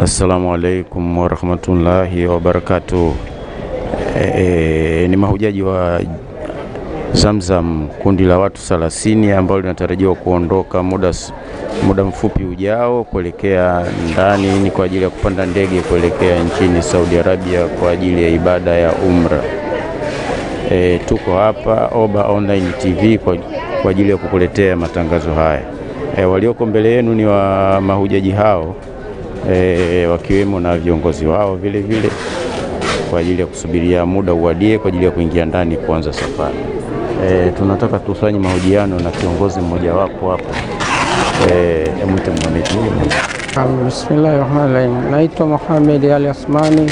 Assalamu alaikum warahmatullahi wabarakatuh. E, eh, eh, ni mahujaji wa Zamzam kundi la watu 30 ambalo linatarajiwa kuondoka muda, muda mfupi ujao kuelekea ndani ni kwa ajili ya kupanda ndege kuelekea nchini Saudi Arabia kwa ajili ya ibada ya umra. E, tuko hapa Oba Online TV kwa, kwa ajili ya kukuletea matangazo haya. E, walioko mbele yenu ni wa mahujaji hao e, wakiwemo na viongozi wao vile vile kwa ajili ya kusubiria muda uwadie kwa ajili ya kuingia ndani kuanza safari. E, tunataka tufanye mahojiano na kiongozi mmojawapo hapo e, mwite Mohamed. Bismillahi rahmani rahim. Naitwa Mohamed Ali Asmani,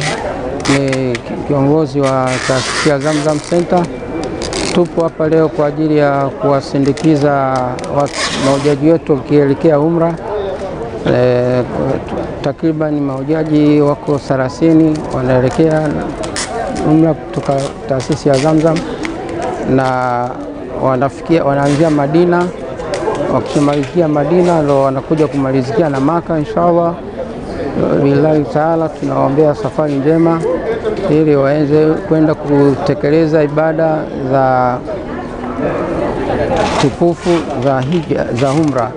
ni kiongozi wa taasisi ya Zamzam Center. Tupo hapa leo kwa ajili ya kuwasindikiza mahujaji wetu wakielekea umra. E, takriban mahujaji wako 30 wanaelekea umra kutoka taasisi ya Zamzam na wanafikia, wanaanzia Madina, wakimalizikia Madina ndo wanakuja kumalizikia na Maka inshallah. Billahi taala tunawaombea safari njema ili waweze kwenda kutekeleza ibada za eh, tukufu za hija za umra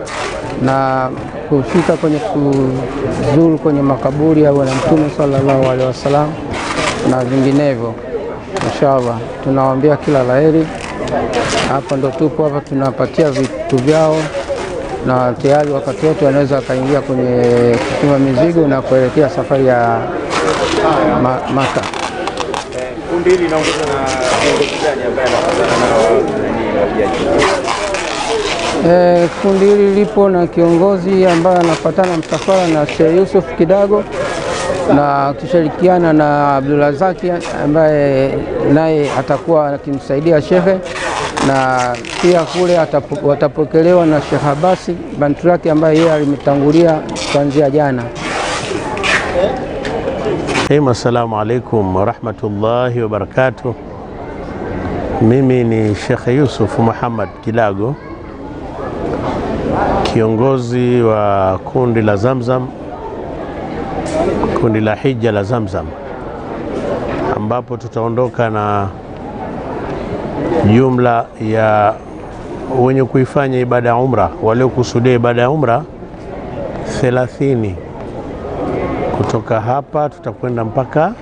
na kufika kwenye kuzuru kwenye makaburi ya Bwana Mtume sallallahu alaihi wasallam na vinginevyo. Inshallah, tunawaambia kila laheri. Hapa ndo tupo hapa, tunapatia vitu vyao na tayari wakati wote wanaweza wakaingia kwenye kupima mizigo na kuelekea safari ya Maka kundi hili linaongozwa na kiongozi gani ambaye Eh, kundi hili lipo na kiongozi ambaye anapatana msafara na Sheikh Yusuf Kidago na kushirikiana na Abdulrazaki ambaye naye atakuwa akimsaidia shekhe, na pia kule watapokelewa na Sheikh Abasi bantulaki ambaye yeye alimtangulia kuanzia jana. Hema, assalamu alaikum warahmatullahi wabarakatuh. Mimi ni shekhe Yusuf Muhammad Kilago, kiongozi wa kundi la Zamzam, kundi la hija la Zamzam, ambapo tutaondoka na jumla ya wenye kuifanya ibada ya umra waliokusudia ibada ya umra 30 kutoka hapa tutakwenda mpaka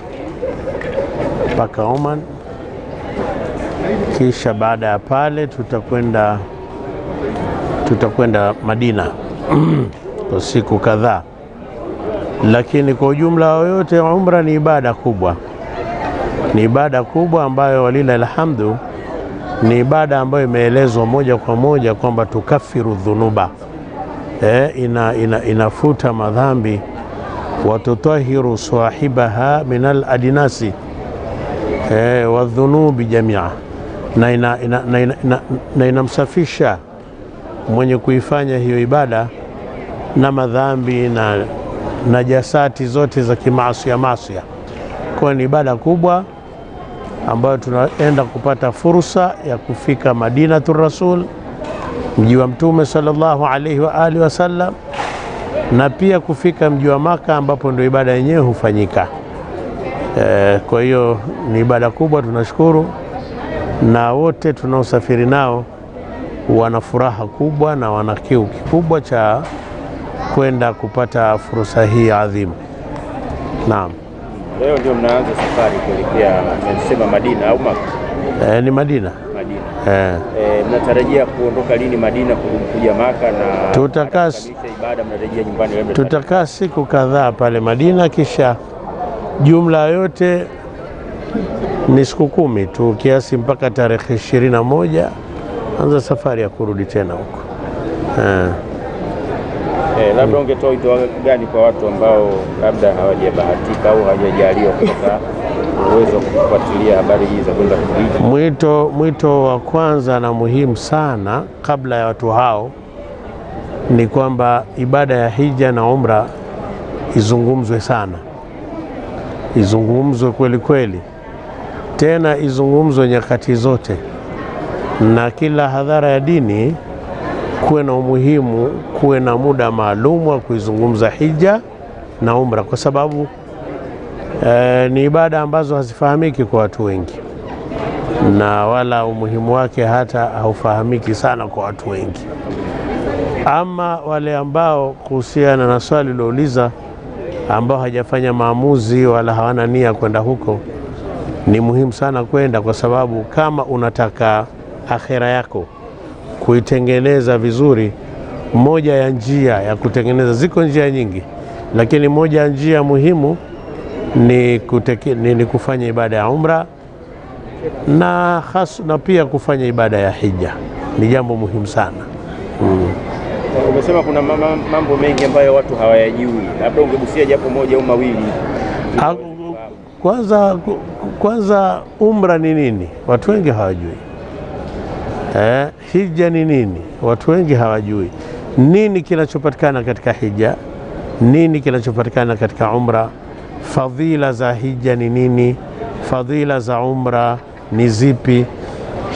mpaka Oman, kisha baada ya pale tutakwenda tutakwenda Madina kwa siku kadhaa, lakini kwa ujumla yoyote, umra ni ibada kubwa, ni ibada kubwa ambayo walila alhamdu ni ibada ambayo imeelezwa moja kwa moja kwamba tukafiru dhunuba, eh, ina, ina, inafuta madhambi watutahiru sahibaha min aladinasi eh, wadhunubi jamia, na inamsafisha ina, ina, ina, ina, mwenye kuifanya hiyo ibada na madhambi na najasati zote za kimaasia masia. Kwa ni ibada kubwa ambayo tunaenda kupata fursa ya kufika Madinatu Rasul, mji wa Mtume sallallahu alaihi wa alihi wasallam na pia kufika mji wa Maka ambapo ndio ibada yenyewe hufanyika. E, kwa hiyo ni ibada kubwa, tunashukuru na wote tunaosafiri nao wana furaha kubwa na wana kiu kikubwa cha kwenda kupata fursa hii adhimu. Naam, leo ndio mnaanza safari kuelekea mnasema Madina au Maka? E, ni Madina. Eh. E, mnatarajia kuondoka lini Madina kuja Maka na tutakaa ibada mnarejea nyumbani Tutakaa siku kadhaa pale Madina, kisha jumla yote ni siku kumi tu kiasi mpaka tarehe ishirini na moja anza safari ya kurudi tena huko eh. Eh, labda ungetoa wito gani kwa watu ambao labda hawajabahatika au hawajajaliwa kutoka uwezo wa kufuatilia habari hizi za kwenda kuhiji. Mwito, mwito wa kwanza na muhimu sana kabla ya watu hao ni kwamba ibada ya hija na umra izungumzwe sana, izungumzwe kweli kweli, tena izungumzwe nyakati zote na kila hadhara ya dini kuwe na umuhimu, kuwe na muda maalum wa kuizungumza hija na umra kwa sababu E, ni ibada ambazo hazifahamiki kwa watu wengi na wala umuhimu wake hata haufahamiki sana kwa watu wengi. Ama wale ambao kuhusiana na swali lilouliza ambao hajafanya maamuzi wala hawana nia kwenda huko, ni muhimu sana kwenda, kwa sababu kama unataka akhera yako kuitengeneza vizuri, moja ya njia ya kutengeneza, ziko njia nyingi, lakini moja ya njia muhimu ni, kuteki, ni, ni kufanya ibada ya umra na has, na pia kufanya ibada ya hija ni jambo muhimu sana mm. Umesema kuna mambo mengi ambayo watu hawayajui, labda ungegusia japo moja au mawili. Kwanza, kwanza umra ni nini? Watu wengi hawajui. Eh, hija ni nini? Watu wengi hawajui. Nini kinachopatikana katika hija? Nini kinachopatikana katika umra? fadhila za hija ni nini, fadhila za umra ni zipi,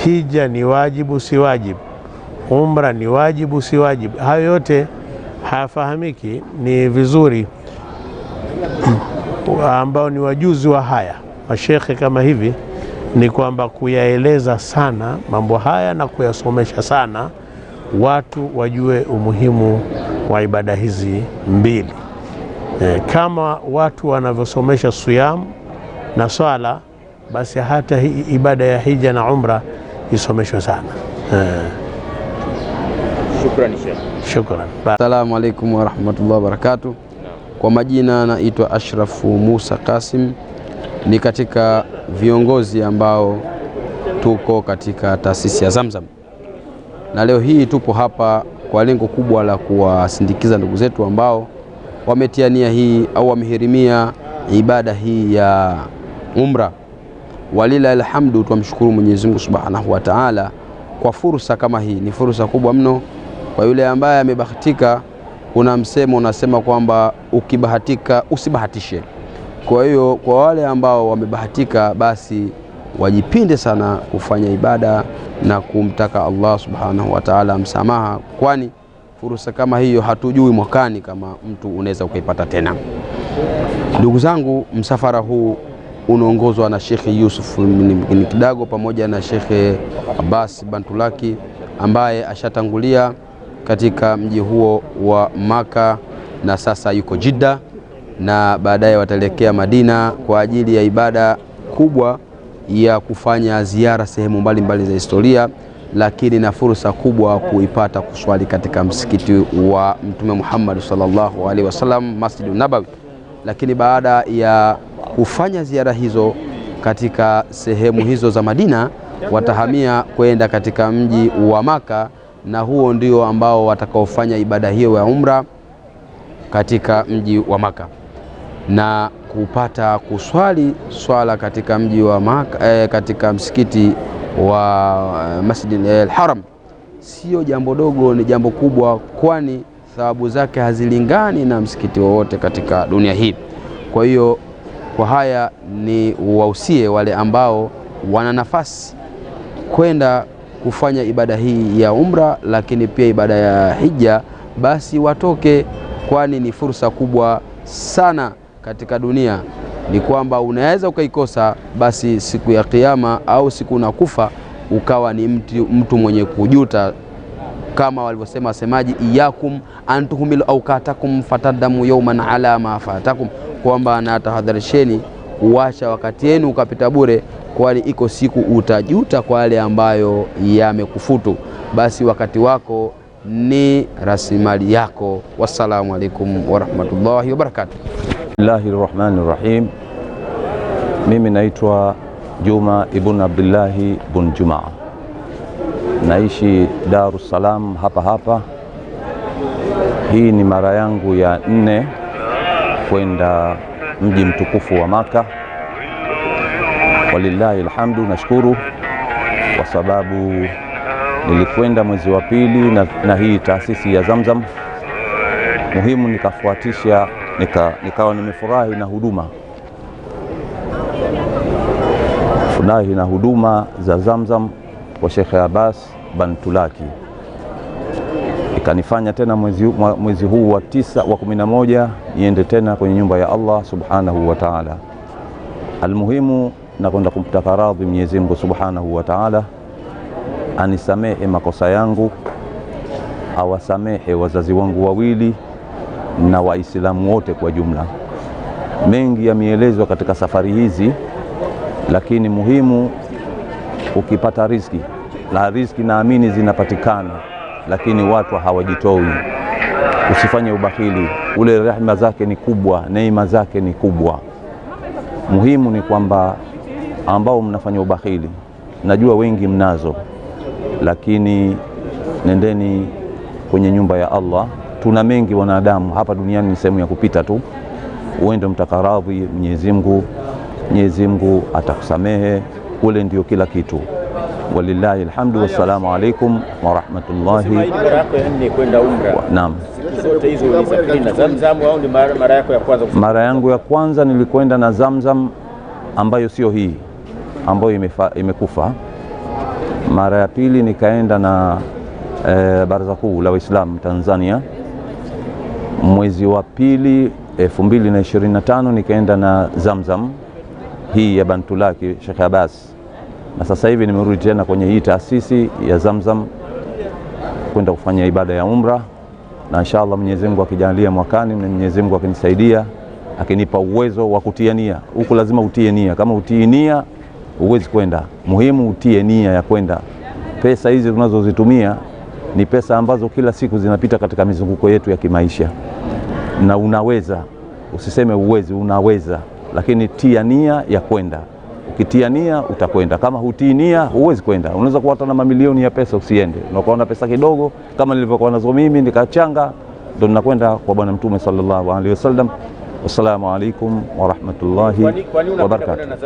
hija ni wajibu si wajibu, umra ni wajibu si wajibu. Hayo yote hayafahamiki, ni vizuri ambao ni wajuzi wa haya mashekhe kama hivi ni kwamba kuyaeleza sana mambo haya na kuyasomesha sana watu wajue umuhimu wa ibada hizi mbili. E, kama watu wanavyosomesha siyam na swala, basi hata hii ibada ya hija na umra isomeshwe sana e. Shukrani Sheikh. Shukrani. Assalamu alaykum wa rahmatullahi wa barakatuh. Kwa majina naitwa Ashrafu Musa Kasim, ni katika viongozi ambao tuko katika taasisi ya Zamzam, na leo hii tupo hapa kwa lengo kubwa la kuwasindikiza ndugu zetu ambao wametiania hii au wamehirimia ibada hii ya umra. Walila alhamdu, twamshukuru Mwenyezi Mungu Subhanahu wa Ta'ala kwa fursa kama hii. Ni fursa kubwa mno kwa yule ambaye amebahatika. Kuna msemo unasema kwamba ukibahatika usibahatishe. Kwa hiyo kwa wale ambao wamebahatika, basi wajipinde sana kufanya ibada na kumtaka Allah Subhanahu wa Ta'ala msamaha, kwani fursa kama hiyo hatujui mwakani kama mtu unaweza ukaipata tena. Ndugu zangu, msafara huu unaongozwa na Shekhe Yusuf bin Kidago pamoja na Shekhe Abbas Bantulaki ambaye ashatangulia katika mji huo wa Maka na sasa yuko Jidda na baadaye wataelekea Madina kwa ajili ya ibada kubwa ya kufanya ziara sehemu mbalimbali mbali za historia lakini na fursa kubwa kuipata kuswali katika msikiti wa Mtume Muhammad sallallahu alaihi wasallam Masjid Nabawi. Lakini baada ya kufanya ziara hizo katika sehemu hizo za Madina, watahamia kwenda katika mji wa Maka, na huo ndio ambao watakaofanya ibada hiyo ya umra katika mji wa Maka na kupata kuswali swala katika mji wa Maka, eh, katika msikiti wa eh, Masjid al-Haram sio jambo dogo, ni jambo kubwa, kwani thawabu zake hazilingani na msikiti wowote katika dunia hii. Kwa hiyo kwa haya ni wausie wale ambao wana nafasi kwenda kufanya ibada hii ya umra, lakini pia ibada ya hija, basi watoke, kwani ni fursa kubwa sana katika dunia ni kwamba unaweza ukaikosa, basi siku ya Kiyama au siku unakufa ukawa ni mtu, mtu mwenye kujuta kama walivyosema wasemaji, iyakum antuhumilu aukatakum fatadamu yauman ala ma fatakum, kwamba natahadharisheni kuwacha wakati yenu ukapita bure, kwani iko siku utajuta kwa yale ambayo yamekufutu. Basi wakati wako ni rasilimali yako. Wassalamu alaikum warahmatullahi wabarakatuh. Bismillahir rahmani rahim. Mimi naitwa Juma ibn Abdullahi bun Jumaa, naishi Dar es Salaam hapa hapa. Hii ni mara yangu ya nne kwenda mji mtukufu wa Maka. Walillahi alhamdu, nashukuru kwa sababu nilikwenda mwezi wa pili na, na hii taasisi ya Zamzam muhimu nikafuatisha nika, nikawa nimefurahi na huduma furahi na huduma za Zamzam kwa Shekhe Abbas Bantulaki ikanifanya tena mwezi, mwezi huu wa tisa wa kumi na moja niende tena kwenye nyumba ya Allah subhanahu wa taala. Almuhimu na kwenda kumtaka radhi Mwenyezi Mungu subhanahu wa taala anisamehe makosa yangu, awasamehe wazazi wangu wawili na Waislamu wote kwa jumla. Mengi yameelezwa katika safari hizi, lakini muhimu ukipata riziki la riziki, naamini zinapatikana, lakini watu hawajitoi. Usifanye ubahili ule, rehema zake ni kubwa, neema zake ni kubwa. Muhimu ni kwamba ambao mnafanya ubahili, najua wengi mnazo, lakini nendeni kwenye nyumba ya Allah tuna mengi wanadamu hapa duniani, ni sehemu ya kupita tu. Uende mtakaradhi Mwenyezi Mungu, Mwenyezi Mungu atakusamehe kule, ndio kila kitu. Walillahi alhamdu, wassalamu alaikum wa rahmatullahi. mara yangu ya kwanza nilikwenda na Zamzam ambayo sio hii ambayo imekufa. Mara ya pili nikaenda na e, Baraza Kuu la Waislamu Tanzania mwezi wa pili 2025 nikaenda na Zamzam hii ya Bantulaki Sheikh Abbas, na sasa hivi nimerudi tena kwenye hii taasisi ya Zamzam kwenda kufanya ibada ya umra, na inshallah Mwenyezi Mungu akijalia mwakani, Mwenyezi Mungu akinisaidia, akinipa uwezo wa kutia nia. Huku lazima utie nia, kama utii nia huwezi kwenda. Muhimu utie nia ya kwenda. Pesa hizi tunazozitumia ni pesa ambazo kila siku zinapita katika mizunguko yetu ya kimaisha, na unaweza usiseme uwezi, unaweza, lakini tia nia ya kwenda. Ukitia nia utakwenda, kama hutii nia huwezi kwenda. Unaweza kuwa na mamilioni ya pesa usiende, unakuwa na pesa kidogo, kama nilivyokuwa nazo mimi nikachanga, ndo ninakwenda kwa Bwana Mtume sallallahu alaihi wasallam. Wassalamu alaikum warahmatullahi wabarakatuh.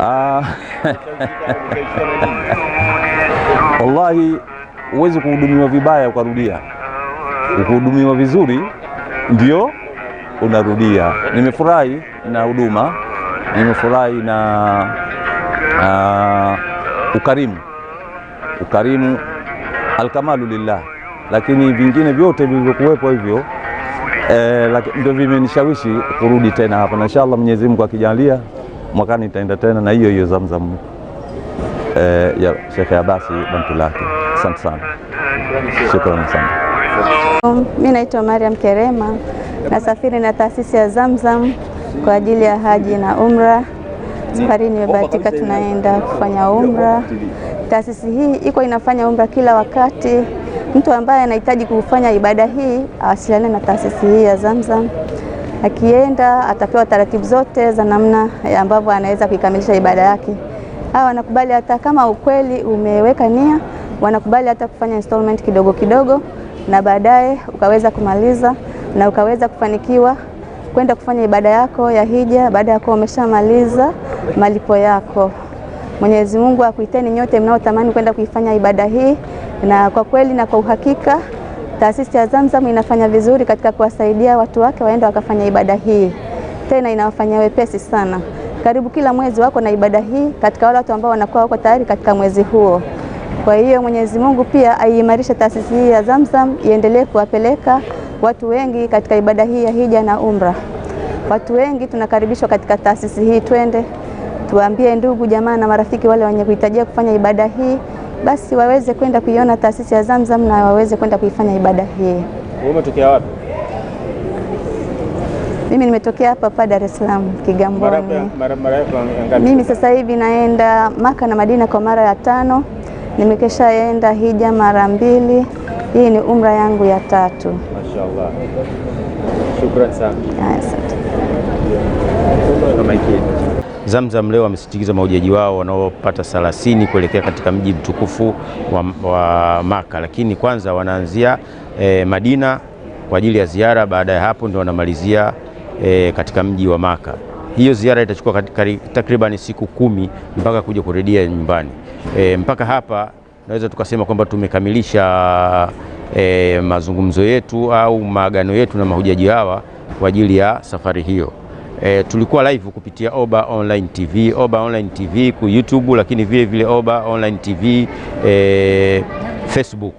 Ah. Wallahi, huwezi kuhudumiwa vibaya ukarudia, ukuhudumiwa vizuri ndio unarudia. Nimefurahi na huduma, nimefurahi na uh, ukarimu, ukarimu alkamalu lillah lakini vingine vyote vilivyokuwepo hivyo eh, ndio vimenishawishi kurudi tena hapa, na inshallah Mwenyezi Mungu akijalia mwakani nitaenda tena na hiyo hiyo Zamzam eh, ya Sheikh Abasi Bantulaki. lake. Asante sana, shukrani sana. Mimi naitwa Mariam Kerema, nasafiri na taasisi ya Zamzam kwa ajili ya haji na umra. Safari nimebahatika, tunaenda kufanya umra. Taasisi hii iko inafanya umra kila wakati Mtu ambaye anahitaji kufanya ibada hii awasiliane na taasisi hii ya Zamzam. Akienda atapewa taratibu zote za namna ambavyo anaweza kuikamilisha ibada yake. Hawa wanakubali hata kama ukweli umeweka nia, wanakubali hata kufanya installment kidogo kidogo, na baadaye ukaweza kumaliza na ukaweza kufanikiwa kwenda kufanya ibada yako ya hija baada ya kuwa umeshamaliza malipo yako. Mwenyezi Mungu akuiteni nyote mnaotamani kwenda kuifanya ibada hii na kwa kweli na kwa uhakika taasisi ya Zamzam inafanya vizuri katika kuwasaidia watu wake waende wakafanya ibada hii, tena inawafanyia wepesi sana. Karibu kila mwezi wako na ibada hii katika wale watu ambao wanakuwa wako tayari katika mwezi huo. Kwa hiyo Mwenyezi Mungu pia aiimarisha taasisi hii ya Zamzam iendelee kuwapeleka watu wengi katika ibada hii ya hija na umra. Watu wengi tunakaribishwa katika taasisi hii, twende tuambie ndugu jamaa na marafiki wale wenye kuhitajia kufanya ibada hii basi waweze kwenda kuiona taasisi ya Zamzam na waweze kwenda kuifanya ibada hii. Umetokea wapi? Mimi nimetokea hapa pa Dar es Salaam Kigamboni. Mimi sasa hivi naenda Maka na Madina kwa mara ya tano, nimekeshaenda hija mara mbili. Hii ni umra yangu ya tatu. Mashaallah. Shukrani sana. Asante. Zamzam leo wamesitikiza mahujaji wao wanaopata thelathini kuelekea katika mji mtukufu wa, wa Maka, lakini kwanza wanaanzia e, Madina kwa ajili ya ziara. Baada ya hapo ndio wanamalizia e, katika mji wa Maka. Hiyo ziara itachukua takriban siku kumi mpaka kuja kurudia nyumbani. E, mpaka hapa naweza tukasema kwamba tumekamilisha e, mazungumzo yetu au maagano yetu na mahujaji hawa kwa ajili ya safari hiyo. E, tulikuwa live kupitia Oba Online TV, Oba Online TV ku YouTube, lakini vile vile Oba Online TV e, Facebook.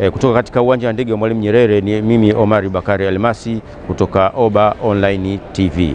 E, kutoka katika uwanja wa ndege wa Mwalimu Nyerere ni mimi Omari Bakari Almasi kutoka Oba Online TV.